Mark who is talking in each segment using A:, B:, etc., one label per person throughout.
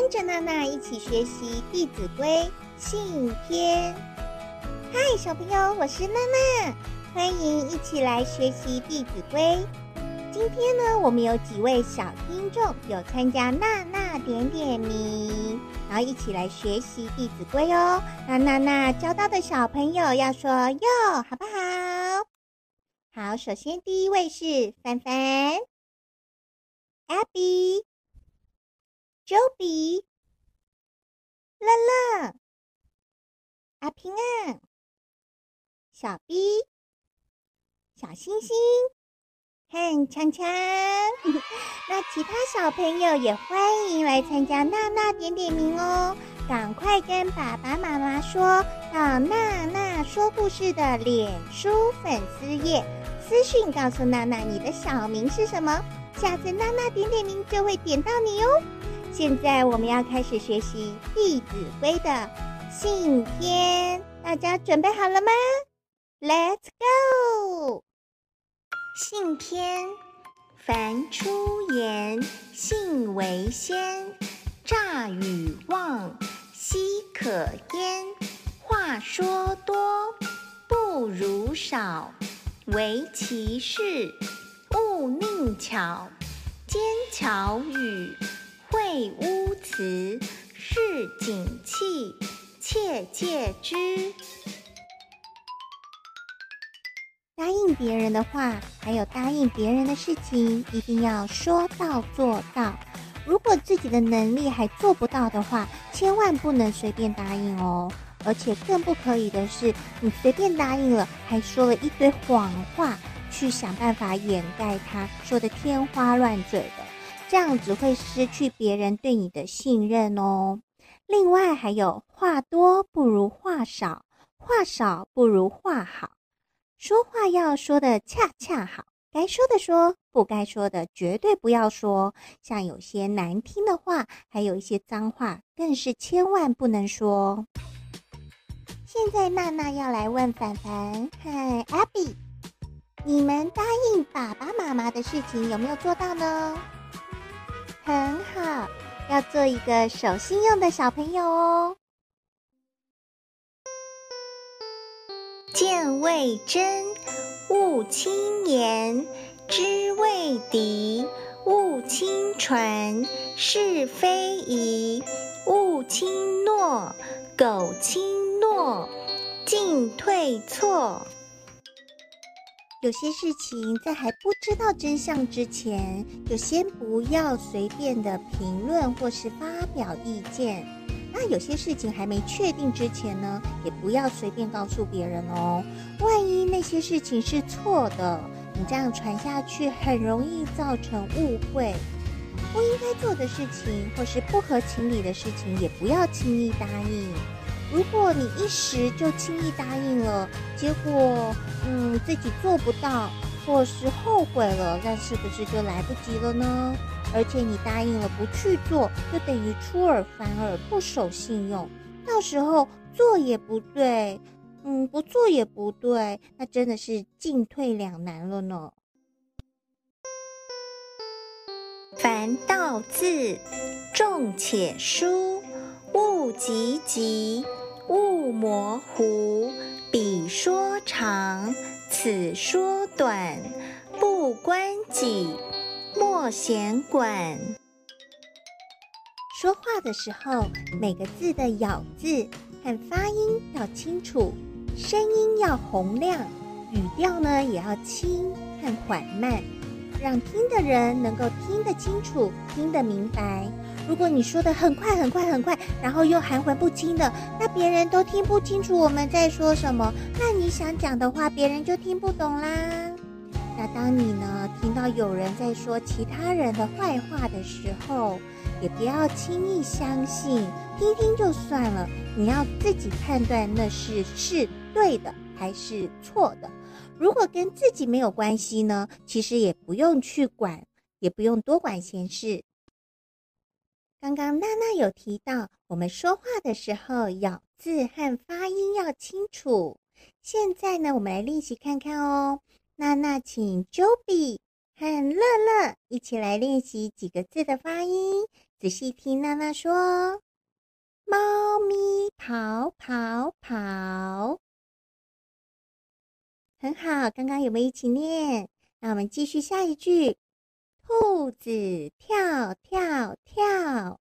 A: 跟着娜娜一起學習《弟子規》信篇。嗨，小朋友，我是娜娜，歡迎一起來學習《弟子規》。今天呢，我們有幾位小聽眾有參加娜娜點點名，然後一起來學習《弟子規》哦。那娜娜，娜，娜，娜叫到的小朋友要說喲，好不好？好，首先第一位是凡凡，Abby。周比、樂樂，阿平安，小 B，小星星，哼，鏘鏘。那其他小朋友也歡迎來參加娜娜點點名哦！趕快跟爸爸媽媽說到娜娜說故事的臉書粉絲頁私訊，告訴娜娜你的小名是什麼，下次娜娜點點名就會點到你哦。現在我們要開始學習《弟子規》的“信”篇，大家準備好了嗎？Let's go！信篇，凡出言，信為先，詐與妄，奚可焉？話說多，不如少，惟其是，勿佞巧，奸巧語。穢污詞，市井氣，切戒之。答應別人的話，還有答應別人的事情，一定要說到做到。如果自己的能力還做不到的話，千萬不能隨便答應哦。而且更不可以的是，你隨便答應了，還說了一堆謊話，去想辦法掩蓋它，說的天花亂墜的。這樣只會失去別人對你的信任哦。另外還有，話多不如話少，話少不如話好。說話要說的恰恰好，該說的說，不該說的絕對不要說。像有些難聽的話，還有一些髒話，更是千萬不能說。現在娜娜要來問凡凡，嗨，Abby，你們答應爸爸媽媽的事情有沒有做到呢？很好，要做一個守信用的小朋友哦。見未真，勿輕言；知未的，勿輕傳；事非宜，勿輕諾；苟輕諾，進退錯。有些事情在還不知道真相之前，就先不要隨便的評論或是發表意見。那有些事情還沒確定之前呢，也不要隨便告訴別人哦。萬一那些事情是錯的，你這樣傳下去很容易造成誤會。不應該做的事情或是不合情理的事情，也不要輕易答應。如果你一時就輕易答應了，結果嗯自己做不到，或是後悔了，那是不是就來不及了呢？而且你答應了不去做，就等於出爾反爾，不守信用。到時候做也不對，嗯不做也不對，那真的是進退兩難了呢。凡道字，重且舒，勿急疾。勿模糊，彼說長，此說短，不關己，莫閒管。說話的時候，每個字的咬字和發音要清楚，聲音要洪亮，語調呢也要輕和緩慢，讓聽的人能夠聽得清楚，聽得明白。如果你說得很快很快很快，然後又含混不清的，那別人都聽不清楚我們在說什麼，那你想講的話，別人就聽不懂啦。那當你呢，聽到有人在說其他人的壞話的時候，也不要輕易相信，聽聽就算了。你要自己判斷，那是是對的還是錯的。如果跟自己沒有關係呢，其實也不用去管，也不用多管閒事。剛剛娜娜有提到，我們說話的時候咬字和發音要清楚。現在呢，我們來練習看看哦。娜娜，請 Juby 和樂樂一起來練習幾個字的發音，仔細聽娜娜說：“貓咪跑跑跑。”很好，剛剛有沒有一起念？那我們繼續下一句。兔子跳跳跳，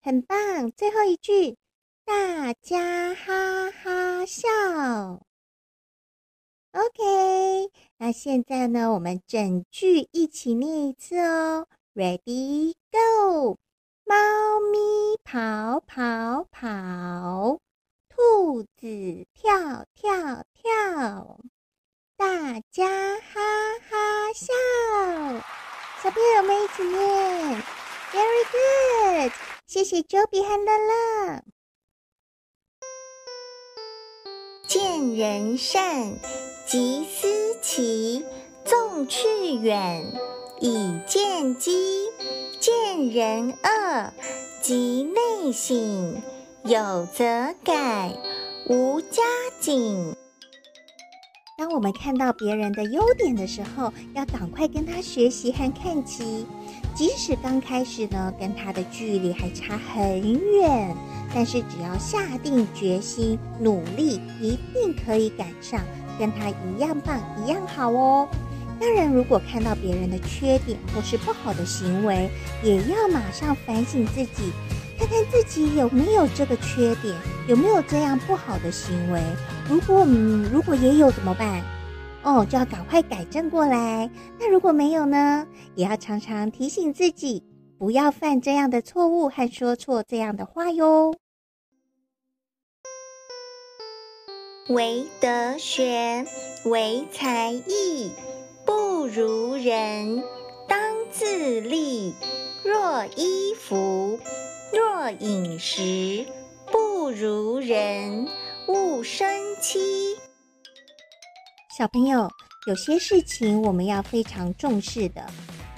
A: 很棒！最後一句，大家哈哈笑。OK，那現在呢，我們整句一起念一次哦。Ready go！貓咪跑跑跑，兔子跳跳跳，大家。小朋友們一起念，Very good，謝謝周比和的樂。見人善，即思齊，縱去遠，以見機；見人惡，即內省，有則改，無加警。當我們看到別人的優點的時候，要趕快跟他學習和看齊。即使剛開始呢，跟他的距離還差很遠，但是只要下定決心努力，一定可以趕上，跟他一樣棒，一樣好哦。當然，如果看到別人的缺點或是不好的行為，也要馬上反省自己，看看自己有沒有這個缺點，有沒有這樣不好的行為。如果，嗯，如果也有怎麼辦？哦，就要趕快改正過來。那如果沒有呢？也要常常提醒自己，不要犯這樣的錯誤和說錯這樣的話喲。唯德學，唯才藝，不如人，當自礪；若衣服，若飲食，不如人。不生氣，小朋友，有些事情我們要非常重視的，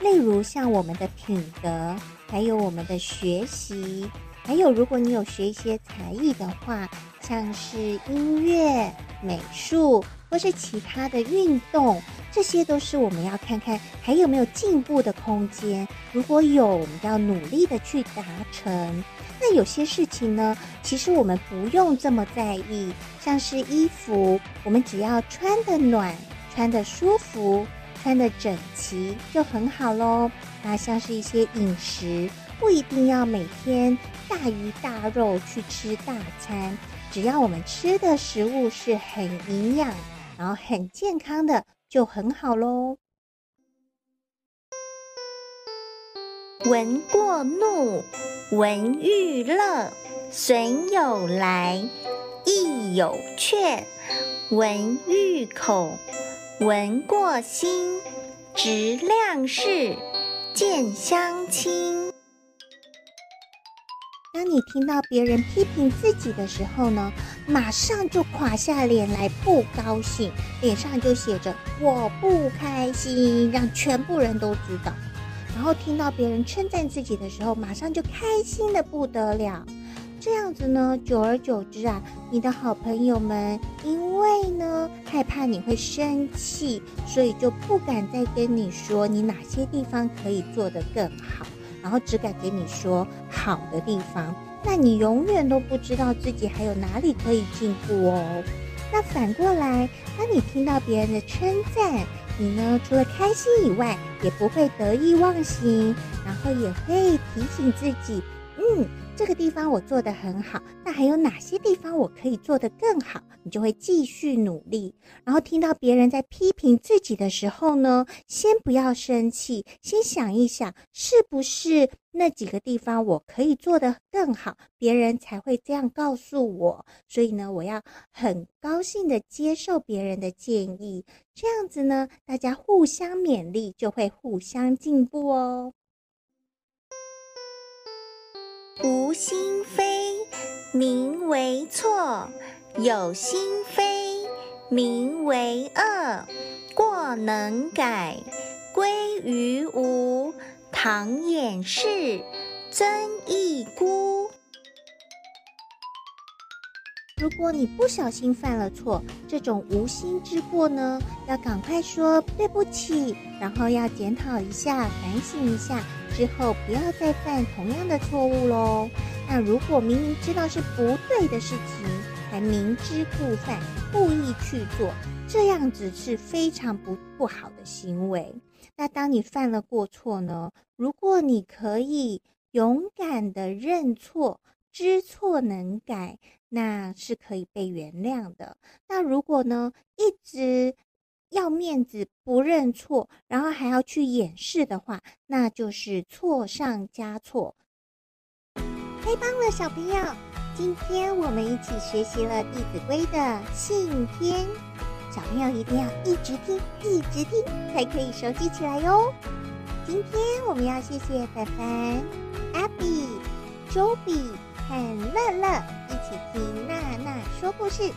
A: 例如像我們的品德，還有我們的學習，還有如果你有學一些才藝的話，像是音樂、美術或是其他的運動，這些都是我們要看看還有沒有進步的空間。如果有，我們要努力的去達成。那有些事情呢，其實我們不用這麼在意。像是衣服，我們只要穿得暖、穿得舒服、穿得整齊就很好嘍。那像是一些飲食，不一定要每天大魚大肉去吃大餐，只要我們吃的食物是很營養，然後很健康的就很好嘍。聞過怒，聞譽樂，損友來，益友卻。聞譽恐，聞過欣，直諒士，漸相親。當你聽到別人批評自己的時候呢，馬上就垮下臉來，不高興，臉上就寫着“我不開心”，讓全部人都知道。然後聽到別人稱讚自己的時候，馬上就開心得不得了。這樣子呢，久而久之啊，你的好朋友們因為呢害怕你會生氣，所以就不敢再跟你說你哪些地方可以做得更好，然後只敢跟你說好的地方。那你永遠都不知道自己還有哪裡可以進步哦。那反過來，當你聽到別人的稱讚，你呢，除了開心以外，也不會得意忘形，然後也會提醒自己，嗯。這個地方我做得很好，那還有哪些地方我可以做得更好？你就會繼續努力。然後聽到別人在批評自己的時候呢，先不要生氣，先想一想，是不是那幾個地方我可以做得更好，別人才會這樣告訴我。所以呢，我要很高興地接受別人的建議，這樣子呢，大家互相勉勵，就會互相進步哦。無心非，名為錯；有心非，名為惡。過能改，歸於無；倘掩飾，增一辜。如果你不小心犯了錯，這種無心之過呢，要趕快說對不起，然後要檢討一下、反省一下，之後不要再犯同樣的錯誤嘍。那如果明明知道是不對的事情，還明知故犯、故意去做，這樣子是非常不不好的行為。那當你犯了過錯呢，如果你可以勇敢地認錯，知錯能改，那是可以被原諒的。那如果呢，一直要面子不認錯，然後還要去掩飾的話，那就是錯上加錯。太棒了，小朋友，今天我們一起學習了《弟子規》的信篇。小朋友一定要一直聽，一直聽，才可以熟悉起來喲。今天我們要謝謝凡凡、Abby、Joey 很樂樂，一起聽娜娜說故事。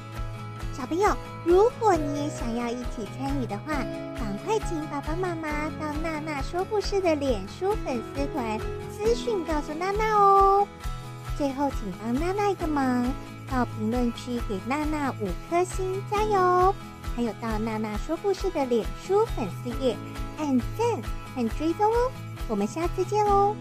A: 小朋友，如果你也想要一起參與的話，趕快請爸爸媽媽到娜娜說故事的臉書粉絲團資訊，告訴娜娜哦。最後，請幫娜娜一個忙，到評論區給娜娜五顆星，加油！還有到娜娜說故事的臉書粉絲頁，按讚按追蹤哦。我們下次見哦。